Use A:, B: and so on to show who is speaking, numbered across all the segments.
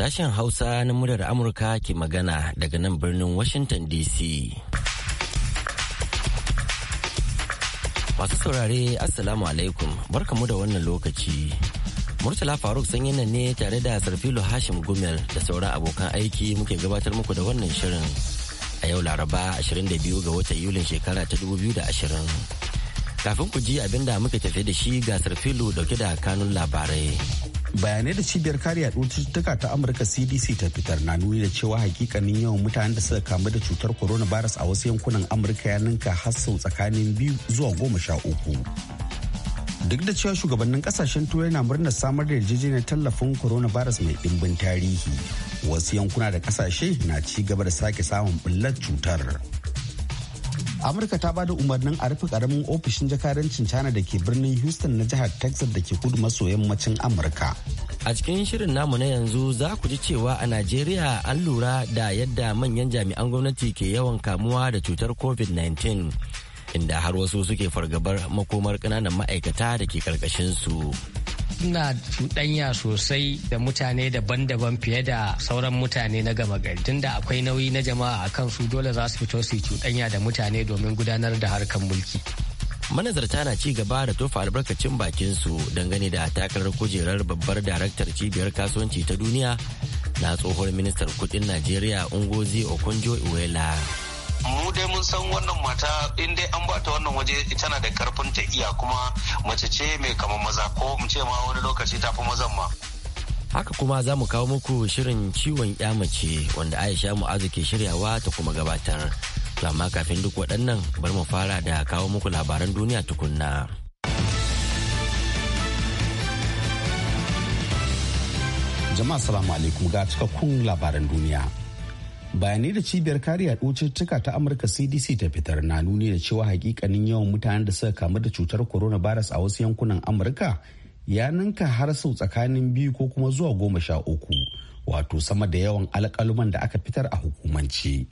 A: Sashen Hausa na murar Amurka ke magana daga nan birnin Washington DC. Masu saurare Assalamu alaikum barkamu da wannan lokaci. Murtala Faruk sanyi nan ne tare da Sarfilo Hashim Gumel da sauran abokan aiki muke gabatar muku da wannan shirin. A yau Laraba 22 ga watan Yulin shekara ta 2020. Kafin ku ji abin da muke tafe da shi ga Sarfilo dauke da kanun labarai.
B: bayanai da cibiyar kariya yaduwar cututtuka ta amurka cdc ta fitar na nuni da cewa hakikanin yawan mutanen da suka kamu da cutar coronavirus a wasu yankunan amurka ya ninka har sau tsakanin biyu zuwa goma sha uku duk da cewa shugabannin kasashen turai na murnar samar da yarjejeniyar tallafin coronavirus mai dimbin tarihi wasu yankuna da kasashe na ci gaba da sake samun bullar cutar amurka ta bada umarnin a rufe karamin ofishin jakadancin china da ke birnin houston na jihar texas da ke kudu maso yammacin amurka
A: a cikin shirin namu na yanzu za ku ji cewa a najeriya an lura da yadda manyan jami'an gwamnati ke yawan kamuwa da cutar covid-19 inda har wasu suke fargabar makomar ƙananan ma'aikata da ke ƙarƙashinsu. su
C: suna cuɗanya sosai da mutane daban-daban fiye da sauran mutane na gama gari da akwai nauyi na jama'a a kan su dole za su fito su cuɗanya da mutane domin gudanar da harkar mulki manazarta na ci gaba da tofa
A: albarkacin bakin su dangane da takarar kujerar babbar daraktar cibiyar kasuwanci ta duniya na tsohon ministar kudin najeriya ungozi okonjo iweala
D: mu dai mun san wannan mata in dai an bata wannan waje tana da karfin ta iya kuma mace ce mai kama maza ko mu ce ma wani lokaci ta fi mazan ma
A: haka kuma za mu kawo muku shirin ciwon ya mace wanda aisha mu'azu ke shiryawa ta kuma gabatar amma kafin duk waɗannan bar mu fara da kawo muku labaran duniya tukunna
B: jama'a salamu alaikum ga cikakkun labaran duniya bayanai da cibiyar kare yaɗo cututtuka ta amurka cdc ta fitar na nuni da cewa hakikanin yawan mutanen da suka kamu da cutar coronavirus a wasu yankunan amurka ya ninka har sau tsakanin biyu ko kuma zuwa goma sha uku wato sama da yawan alkaluman da aka fitar a hukumance.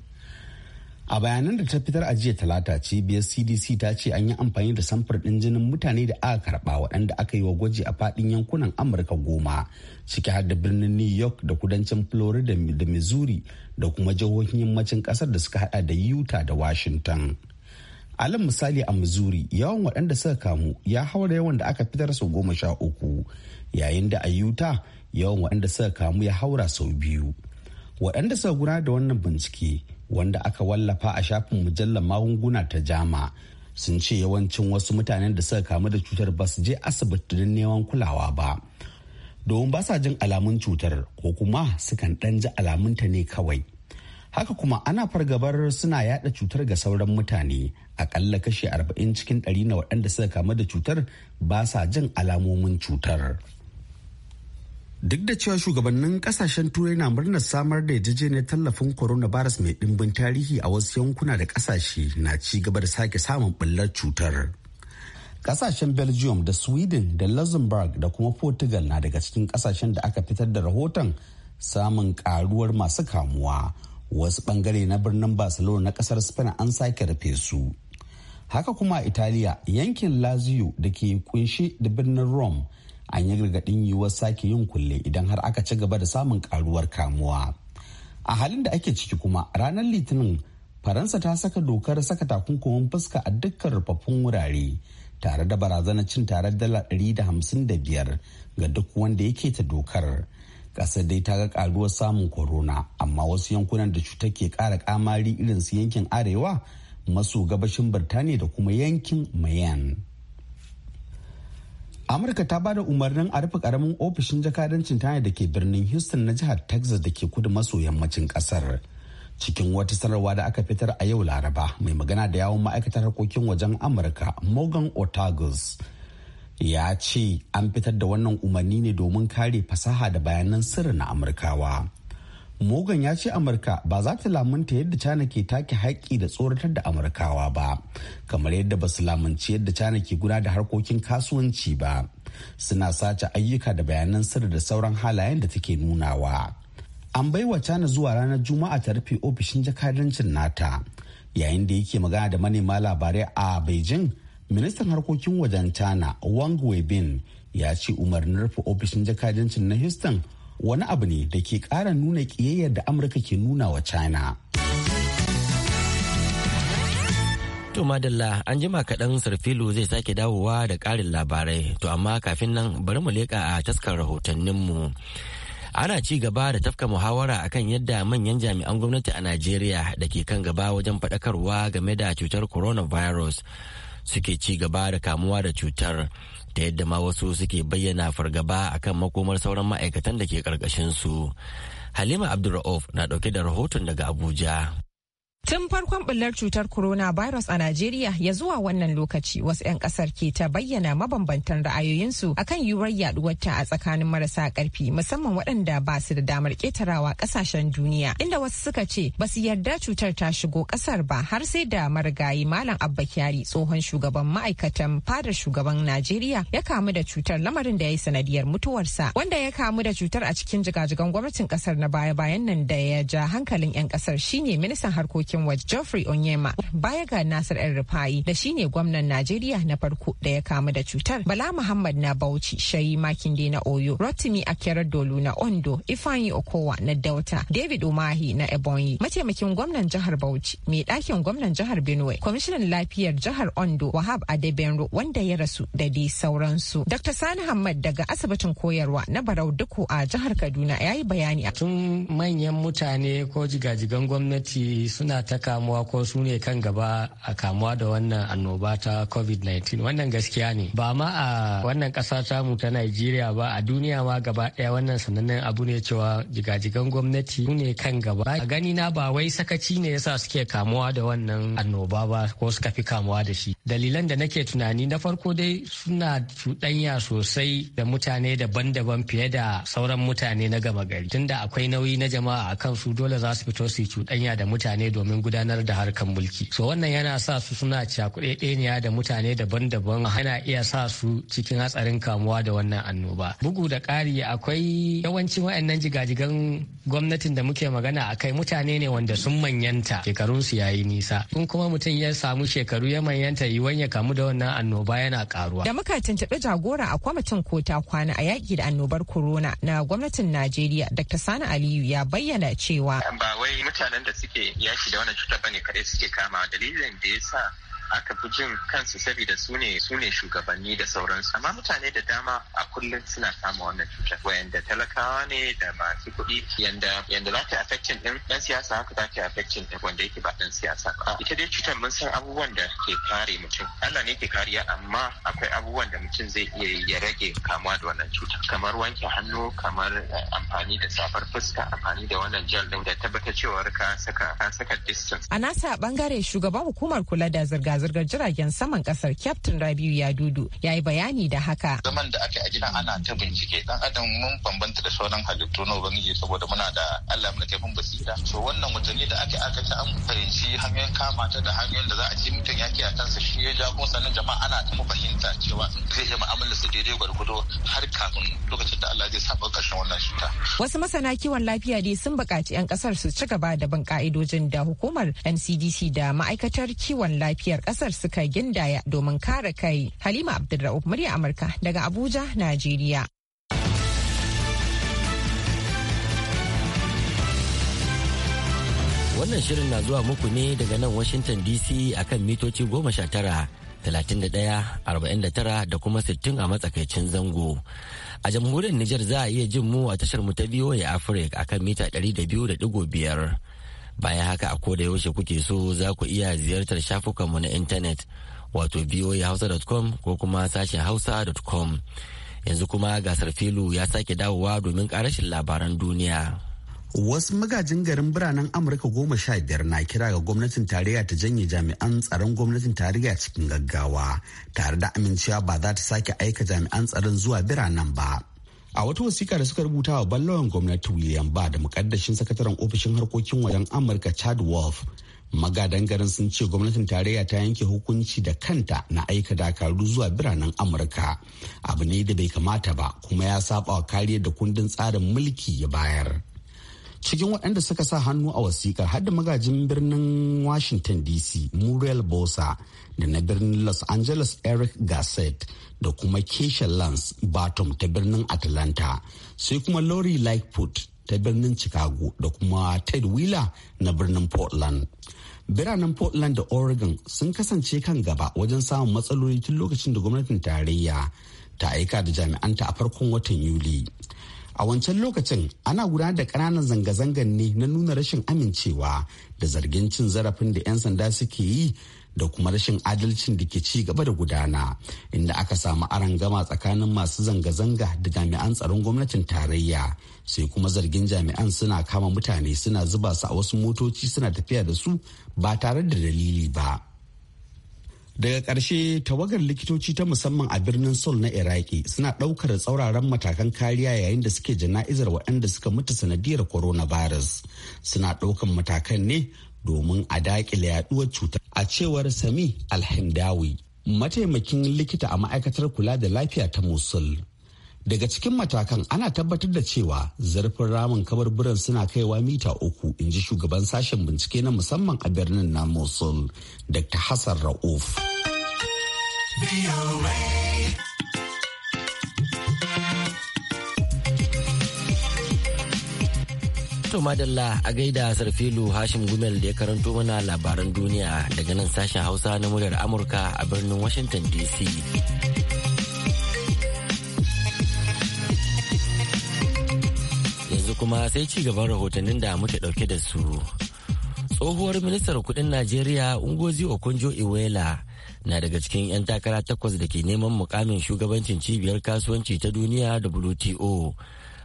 B: a bayanan da ta fitar a jiya talata cibiyar cdc ta ce an yi amfani da samfur ɗin jinin mutane da aka karba waɗanda aka yi wa gwaji a faɗin yankunan amurka goma ciki har da birnin new york da kudancin florida da missouri da kuma jihohin yammacin ƙasar da suka hada da utah da washington alal misali a missouri yawan waɗanda suka kamu ya haura yawan da aka fitar sau goma sha uku yayin da a utah yawan waɗanda suka kamu ya haura sau biyu waɗanda suka gudanar da wannan bincike wanda aka wallafa a shafin mujallar magunguna ta jama sun ce yawancin wasu mutanen da suka kamu da cutar ba su je asibiti don neman kulawa ba domin ba sa jin alamun cutar ko kuma sukan ɗan ji alamunta ne kawai haka kuma ana fargabar suna yada cutar ga sauran mutane akalla kashi 40 cikin 100 na waɗanda suka kamu da cutar ba sa jin alamomin cutar. duk da cewa shugabannin kasashen turai na murnar samar da yarjejeniyar tallafin coronavirus mai dimbin tarihi a wasu yankuna da kasashe na ci gaba da sake samun ɓullar cutar kasashen belgium da sweden da luxembourg da kuma portugal na daga cikin kasashen da aka fitar da rahoton samun karuwar masu kamuwa wasu bangare na birnin barcelona na kasar spain an sake rufe su haka kuma a italiya yankin lazio da ke kunshe da birnin rome an yi gargaɗin yiwuwar sake yin kulle idan har aka ci gaba da samun karuwar kamuwa a halin da ake ciki kuma ranar litinin faransa ta saka dokar saka takunkumin fuska a dukkan rufaffun wurare tare da barazanar cin tare dala da da hamsin biyar ga duk wanda yake ta dokar ƙasar dai ta ga karuwar samun korona amma wasu yankunan da cutar ke ƙara ƙamari irin su yankin arewa maso gabashin birtaniya da kuma yankin mayan amurka ta bada umarnin a rufe karamin ofishin jakadancin tana da ke birnin houston na jihar texas da ke kudu maso yammacin kasar cikin wata sanarwa da aka fitar a yau laraba mai magana da yawon ma'aikatar harkokin wajen amurka morgan otagus ya ce an fitar da wannan umarni ne domin kare fasaha da bayanan sirri na amurkawa Morgan ya ce Amurka ba za ta lamunta yadda China ke take haƙƙi da tsoratar da Amurkawa ba, kamar yadda ba su lamunci yadda China ke guda da harkokin kasuwanci ba. Suna sace ayyuka da bayanan sirri da sauran halayen da take nunawa. An baiwa China zuwa ranar Juma'a ta rufe ofishin jakadancin nata. Yayin da yake magana da manema labarai a Beijing, ministan harkokin wajen China Wang Weibin ya ce umarnin rufe ofishin jakadancin na Houston wani abu ne da ke ƙara nuna ƙiyayyar da amurka ke nuna wa china
A: To madalla an jima kaɗan sarfilu zai sake dawowa da ƙarin labarai to amma kafin nan bari mu leƙa a taskar rahotanninmu. Ana ci gaba da tafka muhawara akan yadda manyan jami'an gwamnati a Najeriya da ke kan gaba wajen faɗakarwa game da cutar coronavirus suke ci gaba da kamuwa da cutar. ta yadda ma wasu suke bayyana fargaba a kan makomar sauran ma'aikatan da ke karkashin su halima abdulra'uf na dauke da rahoton daga abuja
E: Tun farkon bullar cutar Corona Virus a Najeriya ya zuwa wannan lokaci wasu 'yan kasar ke ta bayyana mabambantan ra'ayoyinsu akan yiwuwar yaduwar ta a tsakanin marasa karfi musamman waɗanda ba su da damar ketarawa ƙasashen duniya inda wasu suka ce ba su yarda cutar ta shigo ƙasar ba har sai da marigayi Malam Abba Kyari tsohon shugaban ma'aikatan fadar shugaban Najeriya ya kamu da cutar lamarin da ya yi sanadiyar mutuwarsa wanda ya kamu da cutar a cikin jigajigan gwamnatin ƙasar na baya-bayan nan da ya ja hankalin 'yan ƙasar shine ministan harkokin harkokin waje Geoffrey Onyema baya ga Nasir El Rufai da shine gwamnan Najeriya na farko da ya kamu da cutar. Bala Muhammad na Bauchi, Shayi Makinde na Oyo, Rotimi Akera Dolu na Ondo, Ifeanyi Okowa na Delta, David Umahi na Ebonyi, mataimakin gwamnan jihar Bauchi, mai ɗakin gwamnan jihar Benue, kwamishinan lafiyar jihar Ondo, Wahab Adebenro wanda ya rasu da dai sauransu. Dr. Sani Hamad daga asibitin koyarwa na Barau Duku a jihar Kaduna ya yi
C: bayani. a Tun manyan mutane ko jigajigan gwamnati suna ta kamuwa ko su ne kan gaba a kamuwa da wannan annoba ta covid-19 wannan gaskiya ne ba ma a wannan ta mu ta nigeria ba a duniya ma gaba daya wannan sanannen abu ne cewa jigajigan gwamnati su ne kan gaba a gani na ba wai sakaci ne yasa suke kamuwa da wannan annoba ba ko suka fi kamuwa da shi dalilan da nake tunani na farko dai suna cuɗanya sosai da mutane daban-daban fiye da sauran mutane na gama gari tunda akwai nauyi na jama'a akan su dole za su fito su cuɗanya da mutane domin domin gudanar da harkar mulki so wannan yana sa su suna cakuɗeɗeniya da mutane daban-daban yana iya sa su cikin hatsarin kamuwa da wannan annoba bugu da ƙari akwai yawancin waɗannan jigajigan gwamnatin da muke magana akai mutane ne wanda sun manyanta shekarun su yayi nisa kun kuma mutum ya samu shekaru ya manyanta yiwan ya kamu da wannan annoba yana karuwa da muka
E: tuntuɓi jagora a kwamitin kota kwana a yaƙi da annobar corona na gwamnatin najeriya dr sani aliyu ya bayyana cewa
D: ba wai mutanen da suke yaki da da wannan cutar bane kaɗai suke kama dalilin da ya sa aka fi jin kansu saboda su ne shugabanni da sauransu amma mutane da dama a kullum suna kama wannan cutar wayanda talakawa ne da masu kuɗi yanda yanda za ta affecting din dan siyasa haka za ta affecting din wanda yake ba dan siyasa ba ita dai cutar mun san abubuwan da ke kare mutum Allah ne ke kariya amma akwai abubuwan da mutum zai iya ya rage kamuwa da wannan cuta. kamar wanke hannu kamar eh, amfani da safar fuska amfani da wannan gel din da tabbata cewa ka saka ka saka distance a
E: nasa bangare shugaban hukumar kula da zirga zirga-zirgar jiragen saman kasar Captain Rabiu ya dudu ya yi bayani da haka.
D: Zaman da aka a gidan ana ta bincike dan adam mun bambanta da sauran halittu na ubangiji saboda muna da Allah mai so wannan watanni da aka aka ta an fahimci hanyoyin kama ta da hanyoyin da za a ce mutum ya a kansa shi ya ja kuma sannan jama'a ana ta fahimta cewa zai iya mu'amala su daidai gwargwado har kafin lokacin da Allah zai saba ƙarshen wannan cuta.
E: Wasu masana kiwon lafiya dai sun bukaci 'yan ƙasar su ci gaba da bin ka'idojin da hukumar NCDC da ma'aikatar kiwon lafiyar kasar suka gindaya domin kare kai. Halima Abdulrahman murya Amurka daga Abuja, Najeriya.
A: Wannan shirin na zuwa muku ne daga nan Washington DC akan mitoci goma sha tara, talatin da ɗaya, arba'in da kuma sittin a matsakaicin zango. A jamhuriyar Nijar za a iya jin mu a tashar mu ta VOA Africa akan mita ɗari da biyu da biyar. Bayan haka a koda yaushe kuke so za ku iya ziyartar shafukanmu na intanet wato voahausa.com ko kuma sashen hausa.com. Yanzu kuma gasar filu ya sake dawowa domin ƙarashin labaran duniya.
B: Wasu magajin garin biranen Amurka goma sha biyar na kira ga gwamnatin tarayya ta janye jami'an tsaron gwamnatin tarayya cikin gaggawa tare da amincewa ba za ta sake aika jami'an tsaron zuwa biranen ba. A wata wasiƙa da suka rubuta wa ballawan gwamnati William ba da mukaddashin sakataren ofishin harkokin wajen Amurka Chad Wolf. Magadan garin sun ce gwamnatin tarayya ta yanke hukunci da kanta na aika dakaru zuwa biranen Amurka. Abu ne da bai kamata ba kuma ya saba wa kariyar da kundin tsarin mulki ya bayar. cikin waɗanda suka sa hannu a wasiƙar har da magajin birnin washington dc muriel bosa da na birnin los angeles eric gasset da kuma keisha lance batum ta birnin atlanta sai kuma lori lightfoot ta birnin chicago da kuma ted wheeler na birnin portland biranen portland da oregon sun kasance kan gaba wajen samun matsaloli tun lokacin da gwamnatin tarayya ta aika da jami'anta a farkon watan yuli a wancan lokacin ana gudanar da ƙananan zanga-zangan ne na nuna rashin amincewa da zargin cin zarafin da 'yan sanda suke yi da kuma rashin adalcin da ke ci gaba da gudana inda aka samu gama tsakanin masu zanga-zanga da jami'an tsaron gwamnatin tarayya sai kuma zargin jami'an suna kama mutane suna zuba su a wasu motoci suna tafiya da su ba tare da dalili ba daga ƙarshe tawagar likitoci ta musamman a birnin sol na iraki suna ɗaukar tsauraran matakan kariya yayin da suke jana'izar waɗanda suka mutu sanadiyar coronavirus suna ɗaukan matakan ne domin a daƙile yaɗuwar cutar a cewar sami alhindawi mataimakin likita a ma'aikatar kula da lafiya ta musul daga cikin matakan ana tabbatar da cewa zarfin ramin kabarburan suna kaiwa mita uku in ji shugaban sashen bincike na musamman a birnin na mosul dr hassan ra'uf
A: To madalla a gaida sarfilu Hashim Gumel da ya karanto mana labaran duniya daga nan sashen Hausa na muryar Amurka a birnin Washington DC. kuma sai ci gaban rahotannin da muke dauke da su. Tsohuwar ministar kudin Najeriya Ungozi Okonjo iwela na daga cikin 'yan takara takwas da ke neman mukamin shugabancin cibiyar kasuwanci ta duniya WTO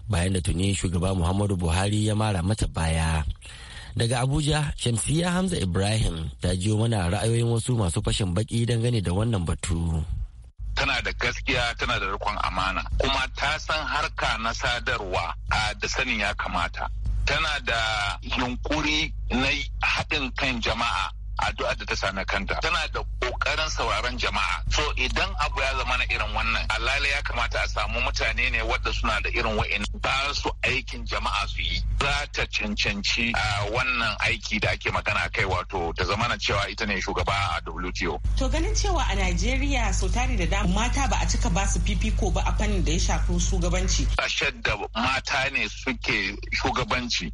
A: bayan da tuni shugaba Muhammadu Buhari ya mara mata baya. Daga Abuja, Shamsiyya Hamza Ibrahim ta jiyo mana ra'ayoyin wasu masu fashin baki dangane da wannan batu.
D: tana da gaskiya tana da rikon amana kuma ta san harka na sadarwa a da sanin ya kamata tana da yunkuri na haɗin kan jama'a addu'a da ta sani kanta tana da kokarin sauraron jama'a so idan abu ya zama na irin wannan alale ya kamata a samu mutane ne wadda suna da irin wa'in ba su aikin jama'a su yi za ta cancanci a wannan aiki da ake magana kai wato ta zama na cewa ita ne shugaba a WTO
F: to ganin cewa a Najeriya sau tari da dama mata ba a cika ba su
G: fifiko ba a fannin da ya shafi shugabanci
D: sashen da mata ne suke shugabanci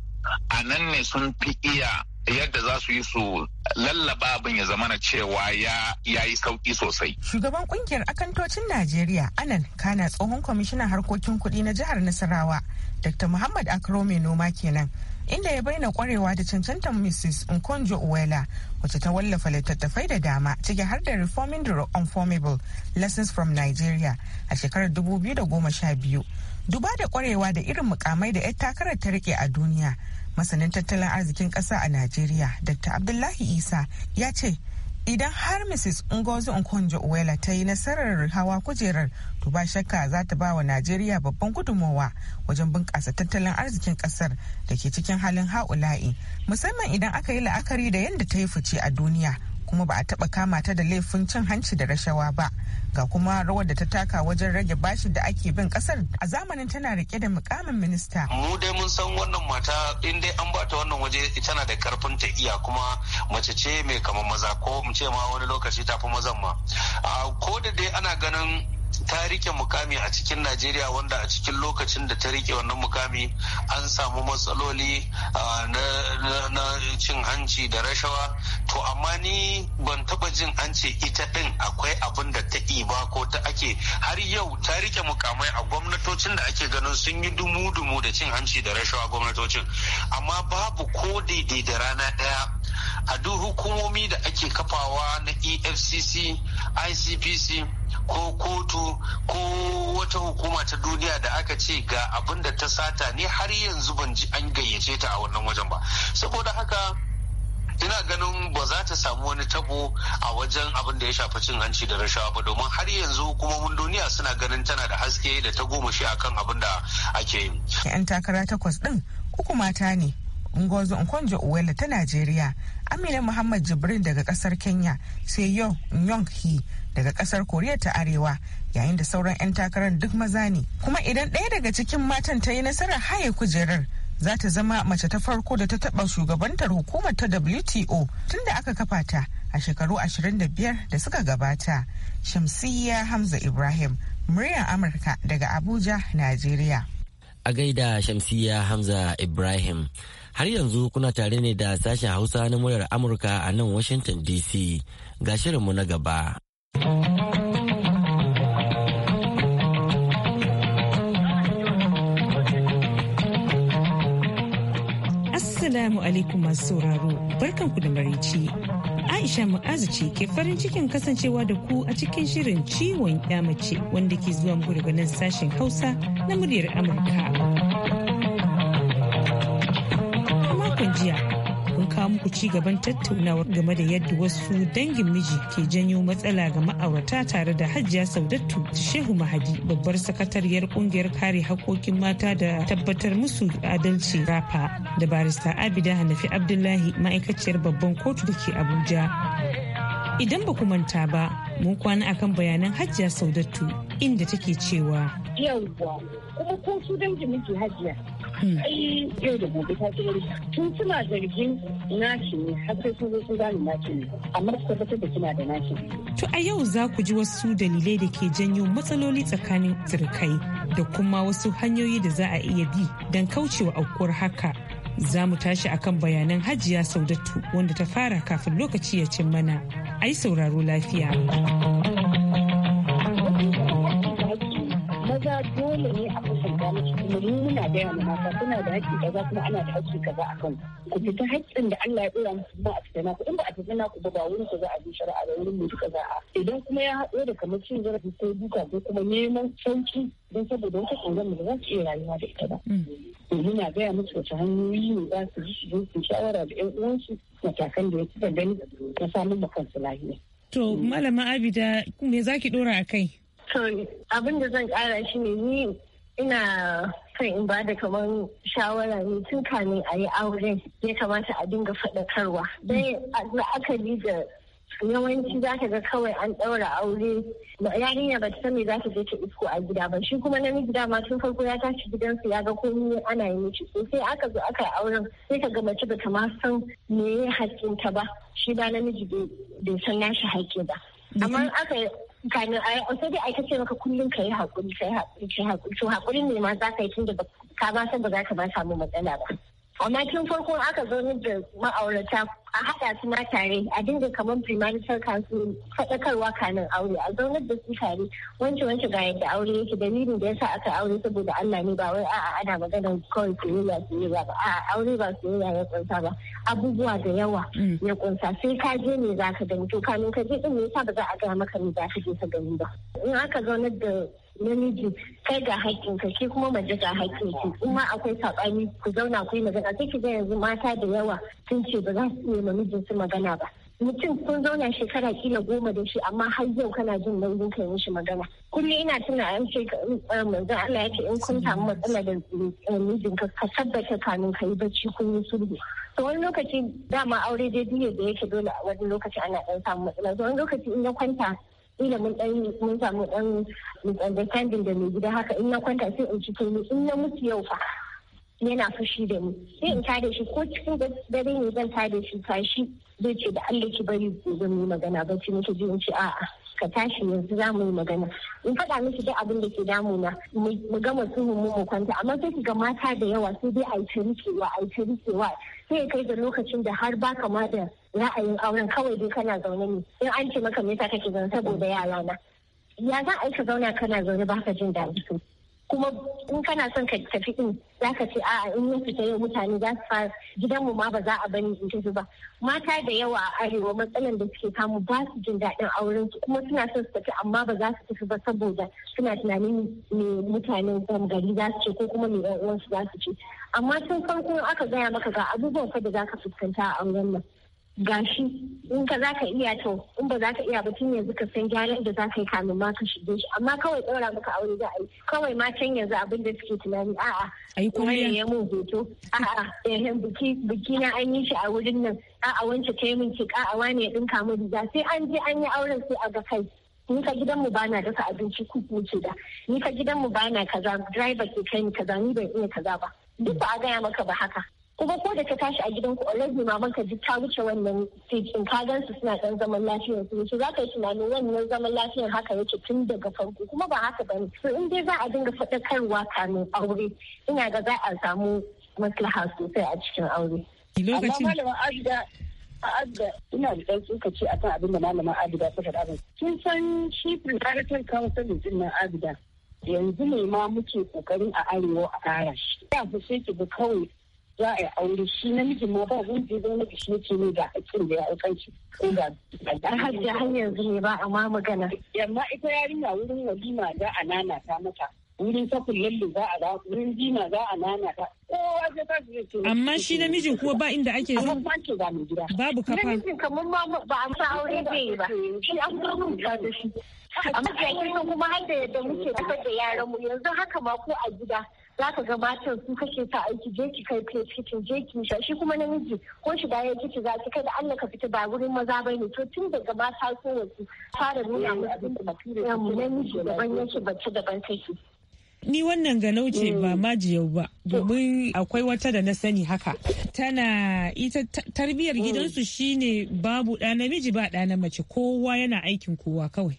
D: a nan ne sun fi iya yadda za su yi su lallaba abin ya zamana cewa ya yi sauki sosai.
G: Shugaban kungiyar akantocin Najeriya Anan Kana tsohon kwamishinan harkokin kuɗi na jihar Nasarawa Dr. Muhammad Akro mai noma kenan. inda ya bayyana kwarewa da cancantar Mrs. Nkonjo Uwela wacce ta wallafa littattafai da dama ciki har da Reforming the Unformable Lessons from Nigeria a shekarar 2012. Duba da kwarewa da irin mukamai da 'yar takarar ta rike a duniya masanin tattalin arzikin ƙasa a najeriya dr abdullahi isa ya ce idan har mrs ngozi nkonjo uwela ta yi nasarar hawa kujerar to ba shakka za ta ba wa najeriya babban gudunmowa wajen bunƙasa tattalin arzikin ƙasar da ke cikin halin ha'ula'i musamman idan aka yi la'akari da yadda ta yi fice a duniya kuma ba a taba kama ta da laifin cin hanci da rashawa ba ga kuma rawar da ta taka wajen rage bashi da ake bin kasar a zamanin tana rike da mukamin minista
D: mu dai mun san wannan mata in dai an bata wannan waje tana da karfin ta iya kuma mace ce mai kama maza ko mu ce ma wani lokaci ta fi mazan ma ko da dai ana ganin ta rike mukami a cikin najeriya wanda a cikin lokacin da ta rike wannan mukami an samu matsaloli na cin hanci da rashawa to amma ni ban taba jin an ce ita din akwai abin da ta iba ko ta ake har yau ta rike mukamai a gwamnatocin da ake ganin sun yi dumu-dumu da cin hanci da rashawa gwamnatocin amma babu ko daidai da rana daya a duk hukumomi da ake kafawa na efcc icpc ko kotu ko wata hukuma ta duniya da aka ce ga abin da ta sata ne har yanzu ban ji an gayyace ta a wannan wajen ba saboda haka ina ganin ba za ta samu wani tabo a wajen abin da ya shafi cin hanci da rashawa ba domin har yanzu hukumomin duniya suna ganin tana da haske da ta goma shi akan abin da ake yi.
G: yan takara takwas din uku mata ne ngozi nkonjo uwele ta najeriya amina muhammad jibrin daga kasar kenya sai yau nyong daga kasar koriya ta arewa yayin da sauran 'yan takarar duk maza ne kuma idan ɗaya daga cikin matan ta yi nasarar haye kujerar za ta zama mace ta farko da ta taɓa shugabantar hukumar ta wto tun da aka kafa ta a shekaru 25 da suka gabata shamsiyya hamza ibrahim muryar amurka daga abuja nigeria.
A: a gaida shamsiyya hamza ibrahim har yanzu kuna tare ne da sashen hausa na muryar amurka a nan washington dc ga shirinmu na gaba
F: Assalamu alaikum masu sauraro, barkanku da maraici. Aisha Mu'azu ce ke farin cikin kasancewa da ku a cikin shirin ciwon mace wanda ke zuwa muku daga nan sashen Hausa na muryar Amurka. ku ci gaban tattaunawar game da yadda wasu dangin miji ke janyo matsala ga ma'aurata tare da Hajiya Saudattu Shehu Mahadi babbar sakatariyar kungiyar kare hakokin mata da tabbatar musu adalci rafa da barista Abida Hanafi Abdullahi ma'aikaciyar babban kotu da ke Abuja. Idan ba ku manta ba, mun kwana akan bayanan Hajiya Saudattu inda take cewa.
E: yauwa kuma ko su dangin miji Hajiya Hmm. ai yau da
H: gobe ta tun amma su tabbatar da suna da
F: to a yau za ku ji wasu dalilai da ke janyo matsaloli tsakanin tsirkai da kuma wasu hanyoyi da za a iya bi don kaucewa aukuwar haka za mu tashi akan bayanan hajiya saudatu wanda ta fara kafin lokaci ya cin mana ai sauraro lafiya
H: mu muna gaya ma mata suna da haƙƙi kaza kuma ana da haƙƙi kaza a kan ku fita haƙƙin da Allah ya ɗora musu ba a fita naku in ba a fita naku ba ba wurin ku za a bi shari'a da wurin mu duka za a idan kuma ya haɗo da kamar cin zarafi ko duka ko kuma neman sauki don saboda wata zama da za su iya rayuwa da ita ba. Mm. Muna gaya musu wata hanyoyi ne za su ji su su shawara da ƴan uwansu matakan da ya fi gani na samun
F: makansu lahiya. To malama Abida me za ki dora a kai? To abin da
H: zan kara shi ne ni ina son in bada kamar shawara ne tun kamin a yi aure ya kamata a dinga faɗakarwa. Dai la'akari da yawanci za ka ga kawai an ɗaura aure yarinya ba ta san me za ta je ta isko a gida ba shi kuma namiji dama tun farko ya tashi gidansu ya ga komai ana yi mishi sosai aka zo aka yi auren sai ka ga mace ba ta ma san me ya ta ba shi ba namiji bai san nashi haƙƙi ba amma aka kamin a sai dai aikace maka kullum ka yi haƙuri ka yi haƙuri ka yi haƙuri to haƙurin ne ma za ka yi tun da ka ba san ba za ka ba samu matsala ba amma tun farko aka zo da ma'aurata a haɗa su na tare a dinga kamar primarital kansu faɗakarwa kanin aure a zaunar da su tare wance wance ga yadda aure yake dalilin da yasa aka aure saboda Allah ne ba wai a'a ana magana kawai soyayya soyayya ba a'a aure ba soyayya ya kunsa ba abubuwa da yawa mm. ya kunsa sai ka je ne za ka gani to kanin ka je din ne yasa ba za a ga maka ne za ka je ka gani ba in aka zaunar da namiji kai ga ka ke kuma mace ga ki in ma akwai saɓani ku zauna ku yi magana sai ki ga yanzu mata da yawa sun ce ba za su yi su magana ba mutum kun zauna shekara kila goma da shi amma har yau kana jin nauyin kai mishi magana kullum ina tuna an ce zan eh, Allah ya ce in kun samu matsala da mijinka ka tabbata kamin ka yi bacci kun yi sulhu to wani lokaci dama aure dai duniya da yake dole a wani lokaci ana dan samu matsala to wani lokaci in ya kwanta kila mun dan mun samu dan misunderstanding da mai gida haka in na kwanta sai in ci ni in na mutu yau fa yana fushi da mu sai in tada shi ko cikin dare ne zan tada shi tashi zai ce da Allah ki bari ga mu magana ba ki mutu in ci a'a ka tashi yanzu za mu yi magana in faɗa miki duk abin da ke damu na mu gama suhun mu mu kwanta amma sai ki ga mata da yawa sai dai a yi ta rikewa a yi ta rikewa sai kai da lokacin da har baka ma da ra'ayin auren kawai dai kana zaune ne in an ce maka me kake zaune saboda yara na ya za a yi ka zauna kana zaune ba ka jin daɗi to kuma in kana son ka tafi din za ka ce a'a in ya fita yau mutane za su fara mu ma ba za a bani in tafi ba mata da yawa a arewa matsalan da suke samu ba su jin daɗin auren su kuma suna son su tafi amma ba za su tafi ba saboda suna tunanin me mutanen gari za su ce ko kuma me yan uwansu za su ce amma tun farko aka gaya maka ga abubuwan da za ka fuskanta a auren nan gashi in ka za ka iya to in ba za ka iya ba tun yanzu ka san gyaran da za ka yi kamin ma ka shige shi amma kawai ɗora maka aure za a yi kawai ma can yanzu abin da suke tunani a'a yi kuma ya mun hoto a'a eh biki na an yi shi a wurin nan a'a wance kai min ki a wane ya dinka mu riga sai an je an yi auren sai a ga kai ni ka gidan mu bana dafa abinci ku ce da ni ka gidan mu bana kaza driver ke kai ni kaza ni ban iya kaza ba duk ba a gaya maka ba haka kuma ko da ka tashi a gidanku already maman ka ji ta wuce wannan stage in ka gan su suna ɗan zaman lafiyar su za zaka yi tunanin wannan zaman lafiyar haka yake tun daga farko kuma ba haka bane so in dai za a dinga faɗakarwa kamin aure ina ga za a samu maslaha sosai a cikin aure A malama ina da ɗan tsokaci a kan abin da malama abida ta faɗa kin san shi preparator counseling din nan abida yanzu ne ma muke kokarin a arewa a kara shi ya fi sai ki ga kawai za a yi aure shi na ma ba je ya da shi ne ne ga cikin da ya aikan shi ko dan hajji har yanzu ne ba a ma magana yamma ita yarinya wurin walima da anana ta mata wurin sakun lallu za a da wurin jima za a nana ta kowa zai ta zai ce amma shi namijin kuma ba inda ake zuwa amma ce ga mu gida babu kafa namijin kamar ma ba a sa aure ne ba shi an zo mun ta da shi amma yi kin kuma har da yadda muke fitar da yaran mu yanzu haka ma ko a gida za ka ga matan su kashe ta aiki je ki kai ke kitchen je ki sha shi kuma namiji ko shi ya kici za ki kai da Allah ka fita ba gurin maza ba ne to tun daga mata so wasu fara nuna mu abin da mutum namiji daban yake bace daban
F: take Ni wannan ganau ce ba mm. majiyau ba, domin akwai wata da na sani haka. Tana ita tarbiyyar mm. gidansu shine babu ɗa namiji ba ɗa na mace kowa yana aikin kowa kawai.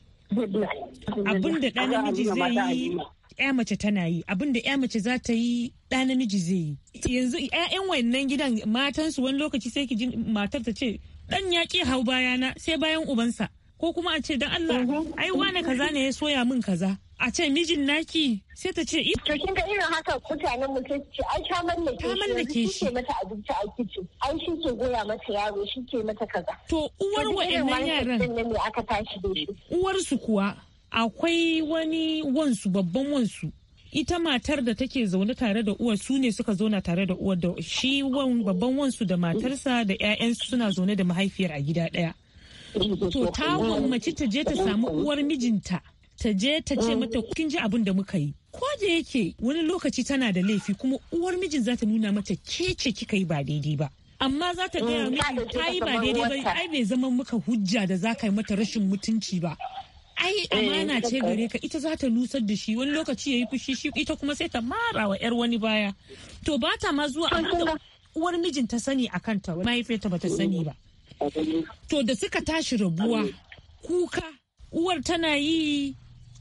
F: Abin da ɗa namiji zai yi ya mace tana yi abin da ya mace za ta yi ɗa namiji zai yi yanzu 'ya'yan wannan gidan matansu wani lokaci sai ki ji matar ta ce ɗan ya hau bayana sai bayan ubansa ko kuma a ce dan Allah mhm. ai wane kaza ne ya soya min kaza a ce mijin naki sai ta ce i to kin ga irin haka mutanen mu ce ai ta mallake shi mallake shi
H: ke mata abinci a kicin ai shi ke goya mata yaro shi ke mata kaza to uwar wa'annan yaran ne aka tashi da shi
F: uwar su kuwa akwai wani wansu babban wansu ita matar da take zaune tare da uwar su ne suka zauna tare da uwar da shi wan babban wansu da matarsa da 'ya'yansu suna zaune da mahaifiyar a gida ɗaya to ta gwammaci ta je ta samu uwar mijinta ta je ta ce mata kin ji abin da muka yi ko da yake wani lokaci tana da laifi kuma uwar mijin za ta nuna mata ke ce kika yi ba daidai ba amma za ta gaya mm, miki ta yi ba daidai ba ai bai zama muka hujja da za ka yi mata rashin mutunci ba ai eh, amana ce gare ka ita za ta nusar da shi wani lokaci ya yi fushi shi ita kuma sai ta mara wa yar wani baya to ba ta ma zuwa uwar mijin ta sani a kanta mahaifiyarta ba ta sani ba To da suka tashi rabuwa kuka uwar tana yi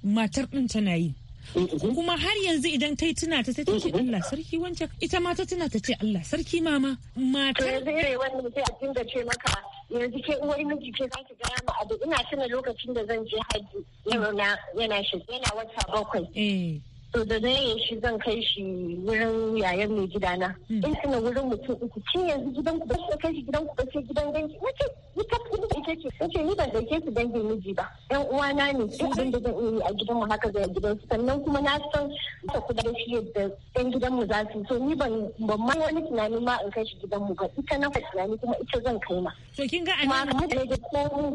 F: matar ɗin tana yi. Mhm. Kuma har yanzu idan ta yi tuna ta sai ta ce mhm. Allah sarki wancan ita ma ta tuna ta ce Allah sarki mama. Matar. Yanzu irin wanda mutum a dinga ce maka yanzu ke uwar miji ke zaki
H: gaya ma abu ina tuna lokacin da zan je hajji yana yana wata bakwai. Eh. so da na yi shi zan kai shi wurin yayan mai gidana hmm. in suna wurin mutum uku cin yanzu gidan ku bashi shi kai shi gidan ku ba sai gidan dangi wace ni ta kuma ita ce wace ni ban dauke su dangin miji ba yan uwa na ne su abin da zan iya yi a gidan mu haka zai gidan su sannan kuma na san ta kuda da shi yadda yan gidan mu za su so ni ban ban ma wani tunani ma in kai shi gidan mu ba ita na fa tunani kuma ita zan kai ma to kin ga anan mutane da ko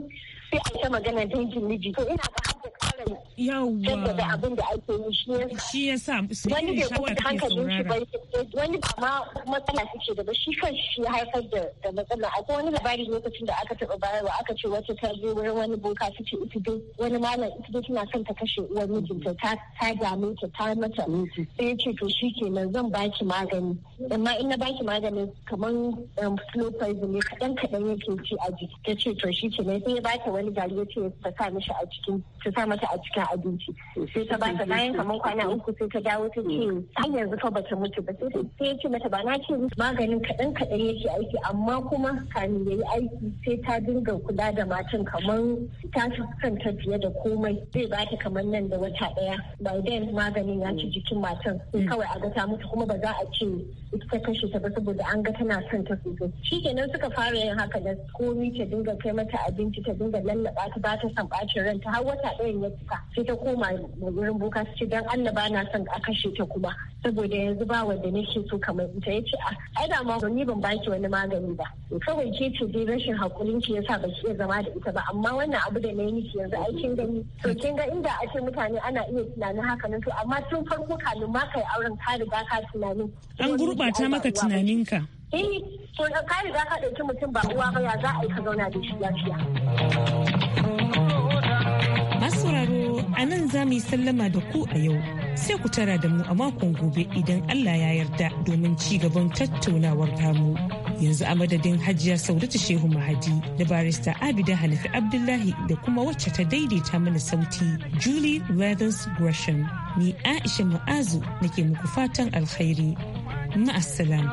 H: sai a ta magana dangin miji to ina ga har da su yawwa da abin da ake yi shi ya sa su wani bai kuma hankalin shi ba eh, wani ba ma matsala suke da ba shi kan shi haifar da matsala akwai wani labari lokacin da aka taɓa bayarwa aka ce wata ta je wurin wani boka su ce ita dai wani malam ita dai tana son ta kashe uwar mijinta ta ta dame ta ta mata sai ya ce to shi kenan zan baki magani amma in na baki magani kamar um, slow poison ne kaɗan kaɗan yake ci a jiki ta ce to shi kenan sai ya bata wani gari ya ce ta sa mishi a cikin ta sa mata a cikin abinci sai ta ba ta bayan kamar kwana uku sai ta dawo ta ce har yanzu fa bata mutu ba sai ta ce mata ba na ce maganin kaɗan kaɗan yake aiki amma kuma ya yayi aiki sai ta dinga kula da matan kamar ta kanta fiye da komai zai ba ta kamar nan da wata ɗaya by then maganin ya ci jikin matan mm. kawai a ga ta mutu kuma ba za a ce ita ta kashe ta ba saboda an ga tana son ta sosai shi kenan suka fara yin haka da komi ta dinga kai mata abinci ta dinga lallaba ta ba ta san bacin ranta har wata ɗayan ya kuka sai ta koma wurin boka su ce dan Allah ba na son a kashe ta kuma saboda yanzu ba wanda nake so kamar ita ya ce ah, ai da ma ni ban baki wani magani ba kawai ke ce dai rashin hakurin ki yasa ba ki iya zama da ita ba amma wannan abu da na yi miki yanzu ai kin gani to kin ga inda a mutane ana iya tunanin haka nan to amma tun farko kafin ma kai auren ka riga ka tunanin an gurbata maka
F: tunaninka
H: eh to ka riga ka ɗauki mutum ba uwa ba ya za a yi ka zauna da shi lafiya
F: A nan za mu yi sallama da ku a yau. Sai ku tara da mu a makon gobe idan Allah ya yarda domin ci gaban tattaunawar tamu. Yanzu a madadin Hajiya Saudatu Shehu Mahadi da barista Abida Hanifi Abdullahi da kuma wacce ta daidaita mana sauti Julie Weathers Gresham. Ni Aisha Mu'azu nake muku fatan alkhairi. Ma'assalam.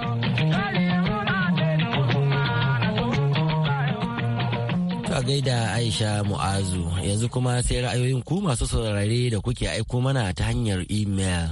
A: a gaida Aisha Mu'azu yanzu kuma sai ra'ayoyin ku masu saurare da kuke aiko mana ta hanyar
F: email.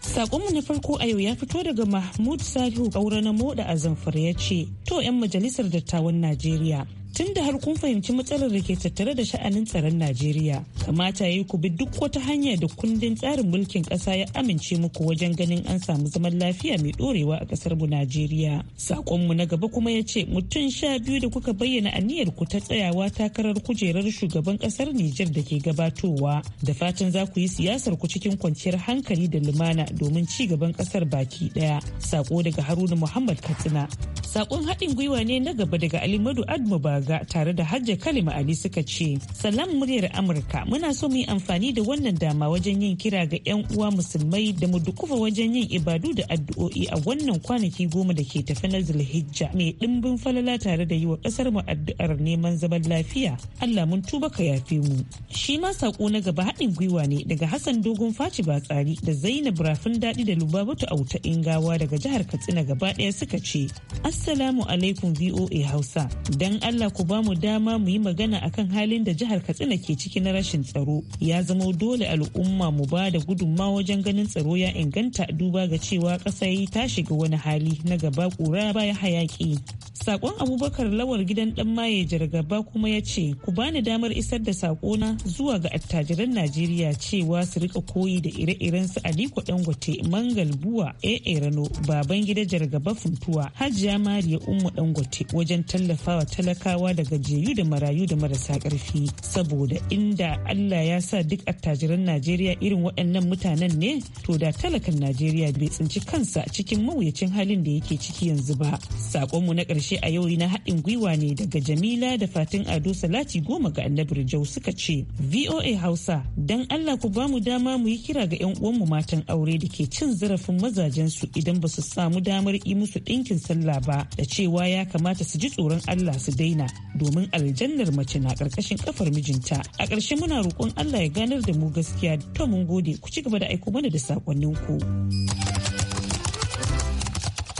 F: Sakonmu na farko a yau ya fito daga Mahmud Salihu Kaura na Moda a Zamfara ya ce, To 'yan majalisar dattawan Najeriya, tun da har kun fahimci matsalar da ke tattare da sha'anin tsaron Najeriya. Kamata ya yi ku bi duk wata hanya da kundin tsarin mulkin ƙasa ya amince muku wajen ganin an samu zaman lafiya mai ɗorewa a ƙasar mu Najeriya. Sakonmu na gaba kuma ya ce mutum sha biyu da kuka bayyana aniyar ku ta tsayawa takarar kujerar shugaban ƙasar Nijar da ke gabatowa. Da fatan za ku yi siyasar ku cikin kwanciyar hankali da lumana domin ci gaban ƙasar baki ɗaya. Sako daga Haruna Muhammad Katsina. Sakon haɗin gwiwa ne na gaba daga Alimadu Admubaga. tare da Hajja Kalima Ali suka ce, Salam muryar Amurka muna so mu yi amfani da wannan dama wajen yin kira ga 'yan uwa musulmai da mu dukufa wajen yin ibadu da addu'o'i a wannan kwanaki goma da ke tafi na Zulhijja mai dimbin falala tare da yi wa kasar mu addu'ar neman zaman lafiya. Allah mun tuba ka yafe mu. Shi ma saƙo na gaba haɗin gwiwa ne daga Hassan Dogon Faci Batsari da Zainab Rafin Daɗi da Lubabatu Auta Ingawa daga jihar Katsina gaba ɗaya suka ce, Assalamu alaikum VOA Hausa. Dan Allah ku ba mu dama mu yi magana akan halin da jihar Katsina ke ciki na rashin tsaro. Ya zama dole al'umma mu ba da gudunmawa wajen ganin tsaro ya inganta duba ga cewa ƙasa ta shiga wani hali na gaba ƙura baya hayaƙi. Sakon Abubakar Lawal gidan dan maye jargaba kuma ya ce, ku bani damar isar da na zuwa ga attajiran Najeriya cewa su rika koyi da ire-iren su Aliko Dangote, Mangal Buwa, A.A. Rano, Baban gida jargaba Funtuwa, Hajiya Mariya Ummu Dangote wajen tallafawa talakawa wa daga jeyu da marayu da marasa ƙarfi saboda inda Allah ya sa duk attajiran Najeriya irin waɗannan mutanen ne to da talakan Najeriya bai tsinci kansa a cikin mawuyacin halin da yake ciki yanzu ba. Sakonmu na ƙarshe a yau na haɗin gwiwa ne daga Jamila da Fatin Ado Salati goma ga Annabi Jau suka ce VOA Hausa dan Allah ku bamu dama mu yi kira ga 'yan uwanmu matan aure da ke cin zarafin mazajensu idan ba su samu damar yi musu ɗinkin sallah ba da cewa ya kamata su ji tsoron Allah su daina domin aljannar mace na ƙarƙashin kafar mijinta a ƙarshe muna roƙon allah ya ganar da mu gaskiya to mun gode ku ci gaba da aiko mana da saƙonninku.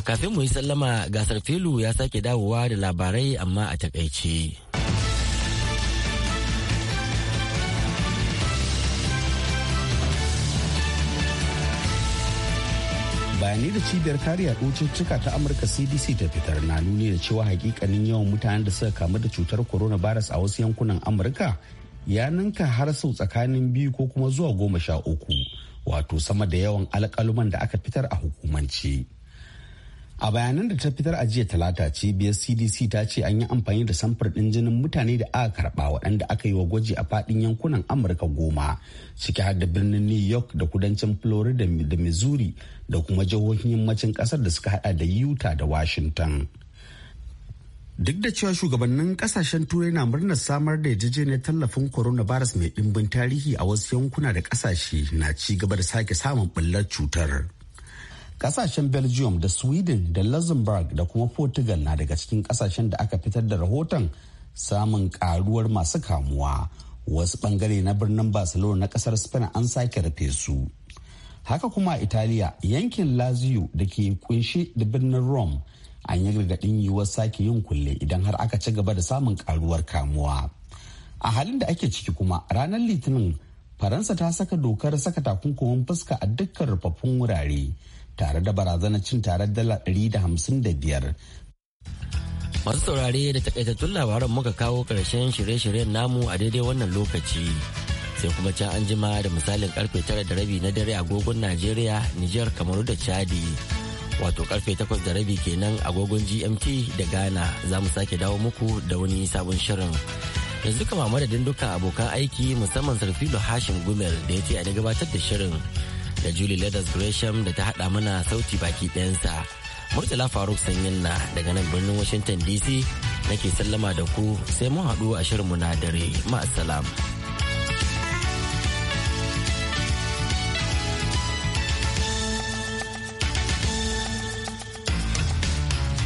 A: kafin mu yi sallama gasar filu ya sake dawowa da labarai amma a takaice.
B: bayanai da cibiyar kare cututtuka ta amurka cdc ta fitar na nuni da cewa hakikanin yawan mutanen da suka kamu da cutar corona coronavirus a wasu yankunan amurka ya ninka har sau tsakanin biyu ko kuma zuwa goma sha uku wato sama da yawan alkaluman da aka fitar a hukumance a bayanan da ta fitar a jiya talata cibiyar cdc ta ce an yi amfani da samfur ɗin jinin mutane da aka karɓa waɗanda aka yi wa gwaji a faɗin yankunan amurka goma ciki har da birnin new york da kudancin florida da missouri da kuma jihohin yammacin ƙasar da suka haɗa da utah da washington duk da cewa shugabannin ƙasashen turai na murnar samar da yarjejeniyar tallafin coronavirus mai ɗimbin tarihi a wasu yankuna da ƙasashe na ci gaba da sake samun ɓullar cutar kasashen belgium da sweden da luxembourg da kuma portugal na daga cikin kasashen da aka fitar da rahoton samun karuwar masu kamuwa wasu bangare na birnin barcelona na kasar spain an sake rufe su haka kuma italiya yankin lazio da ke kunshe da birnin rome an yi gargaɗin yiwuwar sake yin kulle idan har aka ci gaba da samun karuwar kamuwa a halin da ake ciki kuma ranar litinin faransa ta saka dokar saka takunkumin fuska a dukkan rufaffun wurare tare da barazanar cin tarar dala biyar.
A: masu saurare da takaitattun labaran muka kawo karshen shirye-shiryen namu a daidai wannan lokaci sai kuma can an jima da misalin karfe tara da rabi na dare agogon najeriya nijar kamaru da chadi wato karfe takwas da rabi kenan agogon gmt da ghana za mu sake dawo muku da wani sabon shirin yanzu kama madadin dukkan abokan aiki musamman sarfilo hashim gumel da ya ce a da gabatar da shirin da Julie Leathers Gresham da ta haɗa mana sauti baki ɗayansa. Murtala Faruk Sanyin na daga nan birnin Washington DC nake sallama da ku sai mun haɗu a shirinmu na dare. Ma'asalam.